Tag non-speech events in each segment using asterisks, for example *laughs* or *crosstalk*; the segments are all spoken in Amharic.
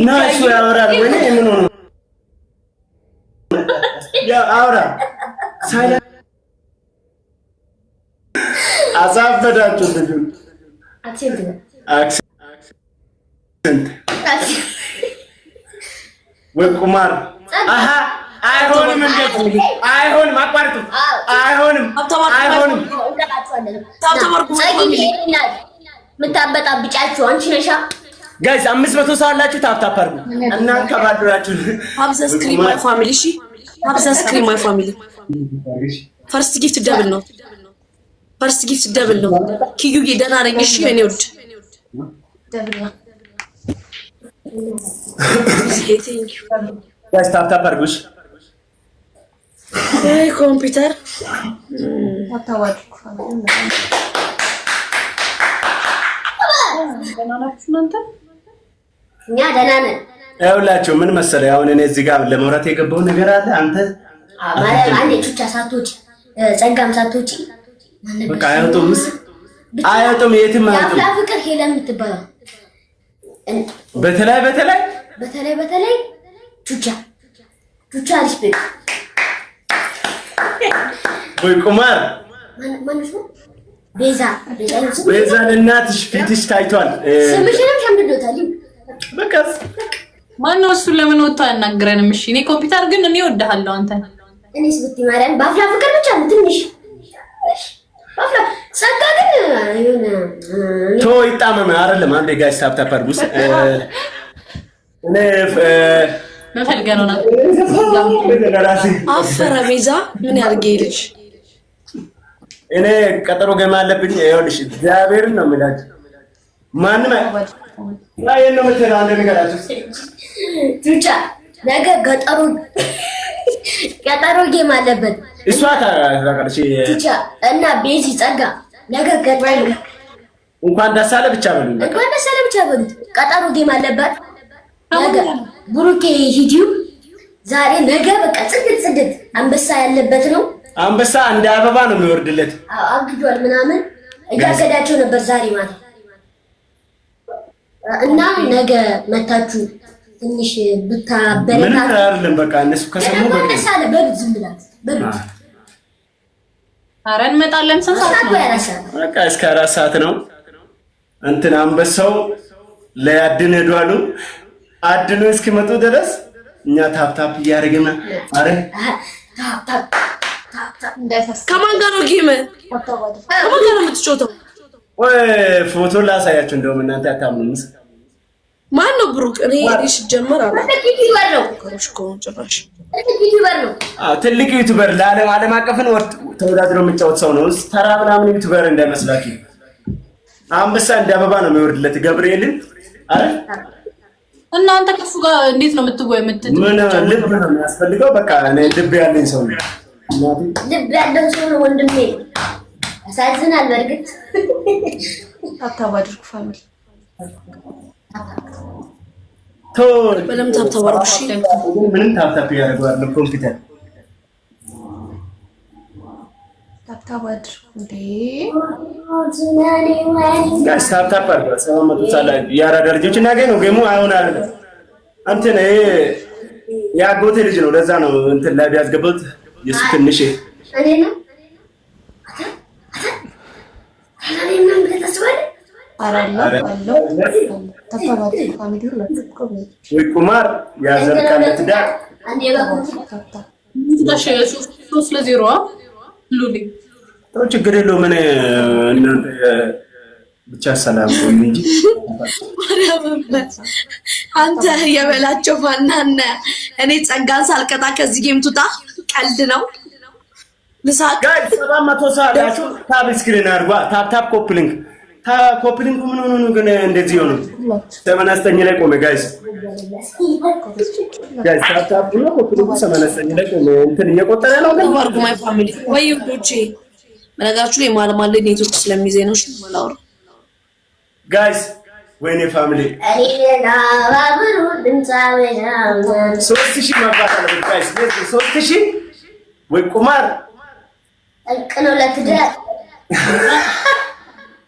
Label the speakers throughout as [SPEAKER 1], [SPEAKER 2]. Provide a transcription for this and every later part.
[SPEAKER 1] እና እሱ ያወራል ወይ ምን ሆኖ አውራ አሳበዳችሁ ልጁን ወይ ቁማር አሀ አይሆንም አይሆንም አይሆንም አይሆንም አንቺ ነሻ ጋይስ አምስት መቶ ሰው አላችሁ። ታፕታፕ አድርጉ። እናንተ ባዶራችሁ
[SPEAKER 2] አብዛስክሪን ማይ ፋሚሊ እሺ፣ አብዛስክሪን ማይ ፋሚሊ። ፈርስት ጊፍት ደብል ነው። ፈርስት ጊፍት ደብል ነው። ኪዩዬ ደህና ነኝ። እሺ የኔ ውድ
[SPEAKER 1] ጋይስ ታፕታፕ አድርጉ። እሺ
[SPEAKER 2] አይ ኮምፒውተር ታታዋጭ እኛ ደህና ነን።
[SPEAKER 1] ይኸውላችሁ ምን መሰለህ፣ አሁን እኔ እዚህ ጋር ለመውራት የገባው ነገር አለ። አንተ
[SPEAKER 2] አንዴ ቹቻ ሳትወጪ ጸጋም ሳትወጪ
[SPEAKER 1] በቃ አያወጡምስ፣ አያወጡም፣ የትም
[SPEAKER 2] አያወጡም። ፍቅር ሄላ የምትባለው
[SPEAKER 1] በተለይ በተለይ
[SPEAKER 2] በተለይ በተለይ ቹቻ ቹቻ ሪስፔክት ወይ ቁማር ማንሽ ቤዛ
[SPEAKER 1] ቤዛ እናትሽ ፊትሽ ታይቷል።
[SPEAKER 2] ስምሽንም ሸምድዶታል። ማነው እሱ ለምን ወጥቶ አያናግረንም? እሺ እኔ ኮምፒውተር ግን እኔ እወድሃለሁ አንተ እኔስ ብት ማርያም በአፍላ ፍቅር ብቻ ነው ትንሽ በአፍላ ግን
[SPEAKER 1] ቶ ይጣመመ አይደለም። አንዴ ጋይስ ታፕ ታፕ
[SPEAKER 2] መፈልገ ነው አፈረ ቤዛ ምን ያርጌ ልጅ
[SPEAKER 1] እኔ ቀጠሮ ገማ አለብኝ። ይኸውልሽ እግዚአብሔርን ነው የምላችሁ ማንም ይሄን
[SPEAKER 2] ነገ ገጠሩ ገጠሩ ጌም አለበት። እሷ እና ቤዚ ጸጋ ነገ ገጠሩ
[SPEAKER 1] እንኳን ደስ አለ ብቻ በሉ፣
[SPEAKER 2] እንኳን ደስ አለ ብቻ በሉ። ጌም ነገ ብሩኬ ዛሬ ነገ በቃ ጽድት ጽድት አንበሳ ያለበት ነው።
[SPEAKER 1] አንበሳ እንደ አበባ ነው የሚወርድለት።
[SPEAKER 2] አግዷል ምናምን እያገዳቸው ነበር ዛሬ ማለት እና ነገ መታችሁ ትንሽ ብታበረታት
[SPEAKER 1] አይደለም። በቃ እነሱ
[SPEAKER 2] ከሰሙ በቀሳለ በግ ዝም ብላት በግ ኧረ እንመጣለን። ነው?
[SPEAKER 1] በቃ እስከ አራት ሰዓት ነው። እንትን አንበሳው ለያድን ሄዱ አሉ። አድኖ እስኪመጡ ድረስ እኛ ታፕታፕ እያደረግን አረ
[SPEAKER 2] ከማን ጋር ነው ጌም ከማን ጋር ነው የምትጫወተው?
[SPEAKER 1] ወይ ፎቶ ላሳያችሁ። እንደውም እናንተ አታምኑም።
[SPEAKER 2] ማን ነው ብሩክ? እኔ ሄድሽ ጀመር አለ
[SPEAKER 1] ትልቅ ዩቱበር ለዓለም ዓለም አቀፍን ተወዳድሮ የሚጫወት ሰው ነው። ተራ ምናምን ዩቱበር እንዳይመስላችሁ። አንበሳ እንደ አበባ ነው የሚወርድለት ገብርኤልን። አረ
[SPEAKER 2] እናንተ ከሱ ጋር እንዴት ነው የምትወይ?
[SPEAKER 1] ምን ልብ ነው የሚያስፈልገው። በቃ እኔ ልብ ያለኝ ሰው ነው።
[SPEAKER 2] ልብ ያለው ሰው ነው ወንድሜ ያሳዝናል። በእርግጥ ታብታብ አድርጉ ፋሚሊ በለም ታብታብ አድርጉ።
[SPEAKER 1] ምንም ታብታብ ያደርጋል ኮምፒውተር የአራዳ ልጆች እናገኝ ነው ገሙ አሁን አለ እንትን የአጎቴ ልጅ ነው። ለዛ ነው እንትን ላይ ቢያስገባት የሱ ትንሽ እኔ ነው ቁማር ያዘርቃል ትዳር ሶስት ለዜሮ ችግር የለውም። እኔ እናንተ ብቻ ሰላም እንጂ
[SPEAKER 2] አንተ የበላቸው ፋናነ እኔ ጸጋን ሳልቀጣ ከዚህ ጌም ቱጣ ቀልድ ነው። ልሳቅ
[SPEAKER 1] ሰባት መቶ ሰዓዳችሁ ታብ ስክሪን አድርጓ ታፕ ታፕ ኮፕሊንግ ኮፕሊንግ ምን ሆኖ ነው ግን እንደዚህ ሆኖ ሰማንያ ላይ ቆመ። ጋይስ ጋይስ ታታብ ነው ኮፕሊንግ ሰማንያ ላይ ቆመ። እንትን እየቆጠረ ነው
[SPEAKER 2] ግን ወርጉ ማይ ፋሚሊ ወይ ውዶቼ መነጋችሁ የማልማል ኔትወርክ ስለሚዘኝ ነው። እሺ ማላውራ
[SPEAKER 1] ጋይስ ወይኔ ፋሚሊ ሶስት ሺህ መግባት አለበት ጋይስ። ሶስት ሺህ ወይ ቁማር
[SPEAKER 2] እቅሉ ለትዳር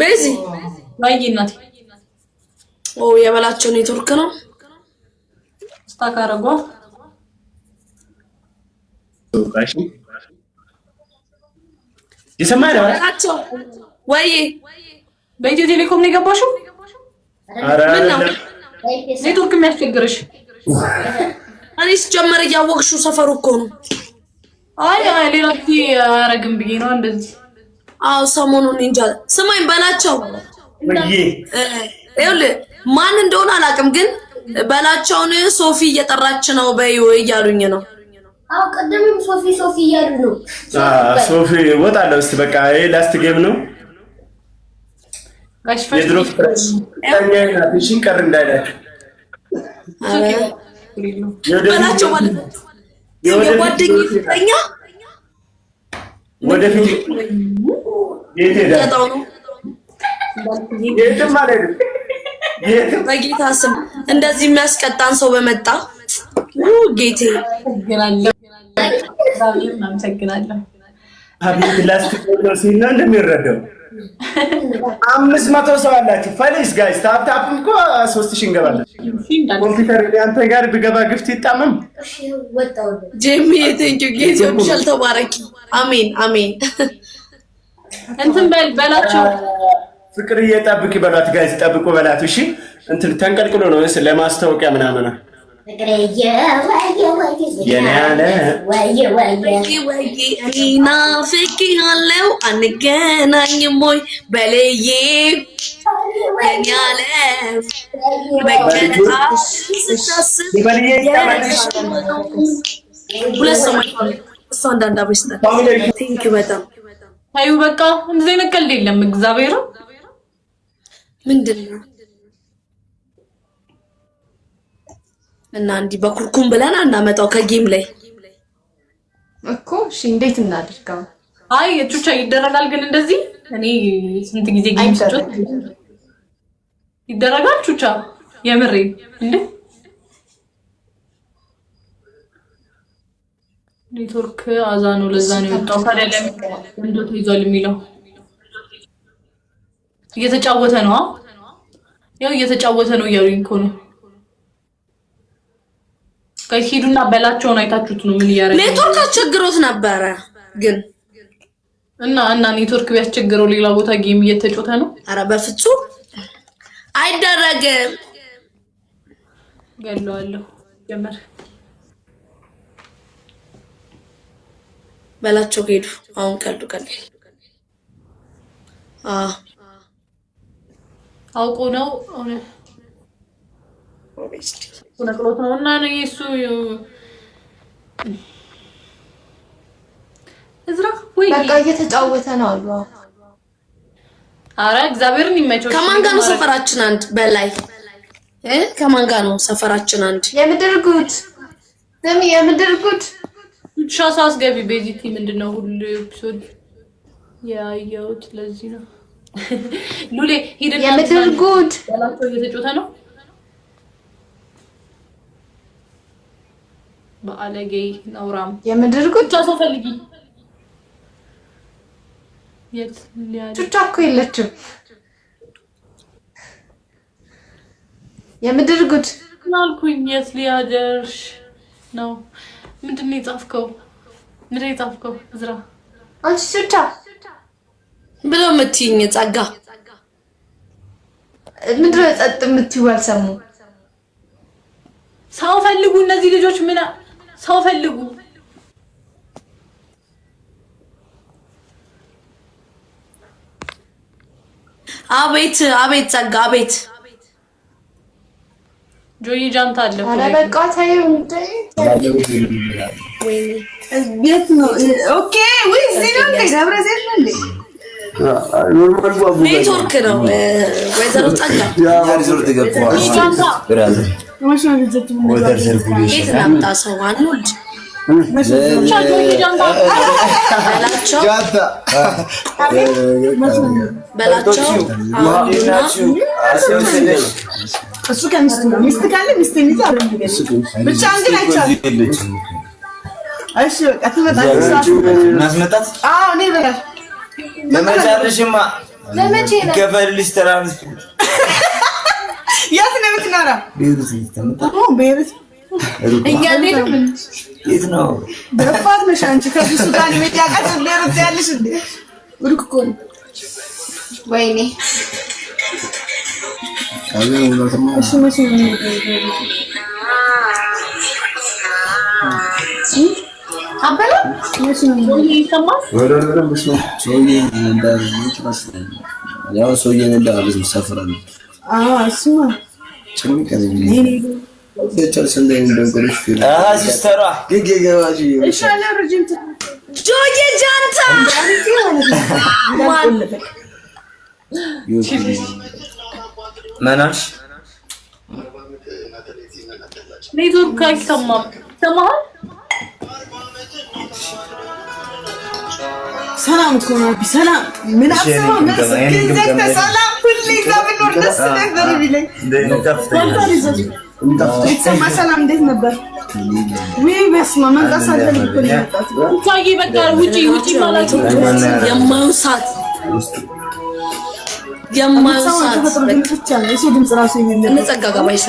[SPEAKER 2] በዚህ ባይናት ኦ የበላቸው ኔትወርክ ነው። ስታካረጓ የሰማ ያቸው ወይ በኢትዮ ቴሌኮም ነው የገባሽው? ምን ነው ኔትወርክ የሚያስቸግርሽ? እኔ ሲጀመር እያወቅሽው ሰፈሩ እኮ ነው። አይ ሌላ ጊዜ አያረግም ብዬ ነው እንደዚህ አዎ ሰሞኑን እንጃ። ስማኝ በላቸው ማን እንደሆነ አላውቅም፣ ግን በላቸውን ሶፊ እየጠራች ነው በይው እያሉኝ ነው። አዎ ቅድምም ሶፊ ሶፊ እያሉ ነው።
[SPEAKER 1] ሶፊ እወጣለሁ። እስኪ በቃ ይሄ ላስት ጌም ነው። የድሮ ፍቅረኛ ቀር እንዳይላችሁ
[SPEAKER 2] በላቸው ማለት ነው የጓደኛዬ ፍቅረኛ
[SPEAKER 1] ወደፊት የት
[SPEAKER 2] ሄዳለሁ? በጌታ ስም እንደዚህ የሚያስቀጣን ሰው በመጣ ጌቴ
[SPEAKER 1] አቤት ላስቲክ ሲና እንደሚረዳው አምስት መቶ ሰው አላችሁ። ፈሊስ ጋይስ ታፕታፕ እኮ ሶስት ሺህ እንገባለን። ኮምፒውተር አንተ ጋር ብገባ ግፍት ይጣመም
[SPEAKER 2] ቴንኪው ጌዝ ተባረኪ። አሜን አሜን። እንትን በል በላቸው
[SPEAKER 1] በሏት። ጠብቁ በላት። እሺ እንትን ተንቀልቅሎ ነው ለማስታወቂያ ምናምን
[SPEAKER 2] ናፍቄሃለው አንገናኝም ወይ በለዬ ያለ ሁለት ሰው በጣም ታዩ። በቃ እንደዚህ አይነት ቀልድ የለም። እግዚአብሔር ምንድን ነው እና እንዲህ በኩርኩም ብለን አናመጣው ከጌም ላይ እኮ። እሺ እንዴት እናድርገው? አይ ቹቻ ይደረጋል። ግን እንደዚህ እኔ ስንት ጊዜ ጌም ስጮት ይደረጋል። ቹቻ የምሬ እንዴ ኔትወርክ አዛ ነው። ለዛ ነው የወጣው። ታዲያ ለምን ይዟል የሚለው እየተጫወተ ነው። ያው እየተጫወተ ነው እያሉኝ እኮ ነው ሄዱና በላቸውን አይታችሁት ነው። ምን እያደረገ ኔትወርክ አስቸግሮት ነበረ ግን እና እና ኔትወርክ ቢያስቸግረው ሌላ ቦታ ጌም እየተጫወተ ነው። አረ በፍጹም አይደረግም። ገለዋለሁ ጀመር በላቸው ሄዱ። አሁን ቀልዱ ቀልድ አውቆ ነው። ቤስድ ነቅሎት ነው እና እሱ እዝራ ወይ በቃ እየተጫወተ ነው አሉ። አረ እግዚአብሔርን ይመቸው። ከማን ጋር ነው ሰፈራችን አንድ በላይ እ ከማን ጋር ነው ሰፈራችን አንድ የምድር ጉድ ደም የምድር ጉድ ሻሳ አስገቢ ቤዚቲ ምንድነው ሁሉ ኤፒሶድ ያየሁት ለዚህ ነው *laughs* ሉሌ ሂድና የምድር ጉድ ያላቸው እየተጫወተ ነው በአለጌይ ነውራም የምድር ቁጫ ሰው ፈልጊ። ጩጫ እኮ የለችም። የምድር ጉድ አልኩኝ። የት ሊያደርሽ ነው? ምንድን ነው የጻፍከው? ምንድን ነው የጻፍከው? እዝራ አንቺ ጩጫ ብሎ የምትይኝ ጸጋ ምንድን ነው ጸጥ የምትይው? አልሰሙ ሰው ፈልጉ እነዚህ ልጆች ምን ሰው ፈልጉ። አቤት አቤት ጸጋ አቤት ጆይ ጃንታ አለ አረ በቃ ታዩ እንዴ የት ነው? ኦኬ ወይ እዚህ ነው ደብረ ዘይት ነው ኔትወርክ ነው ወይዘሮ
[SPEAKER 1] ጠጋ
[SPEAKER 2] ላምጣ ሰው ልጅ በላቸው እሱ
[SPEAKER 1] በመጨረሻማ ገፈልሽ ትራንስፖርት
[SPEAKER 2] የት ነው የምትኖረው? ቤይሩት የት ነው ደፋት ነሽ አንቺ ከዚህ ሱዳን የሚያውቃት ቤይሩት ያለሽ እንደ ሩቅ እኮ ነው። ወይኔ
[SPEAKER 1] ወረረን ብሎ ሰውዬ ያው ሰውዬ ነዳ ብዙ ሰፈር አለ።
[SPEAKER 2] አዎ እሱማ ጭምቅ ነው። ኔትወርክ አይሰማም። ይሰማሃል? ሰላም እኮ ነው። ሰላም ምን አስበው ሰላም ደስ ነበር እንዴት ነበር? ውይ በቃ ውጪ ውጪ ማለት ነው። ሰዓት የማየው ሰዓት ባይሰራ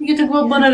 [SPEAKER 2] እየተግባባን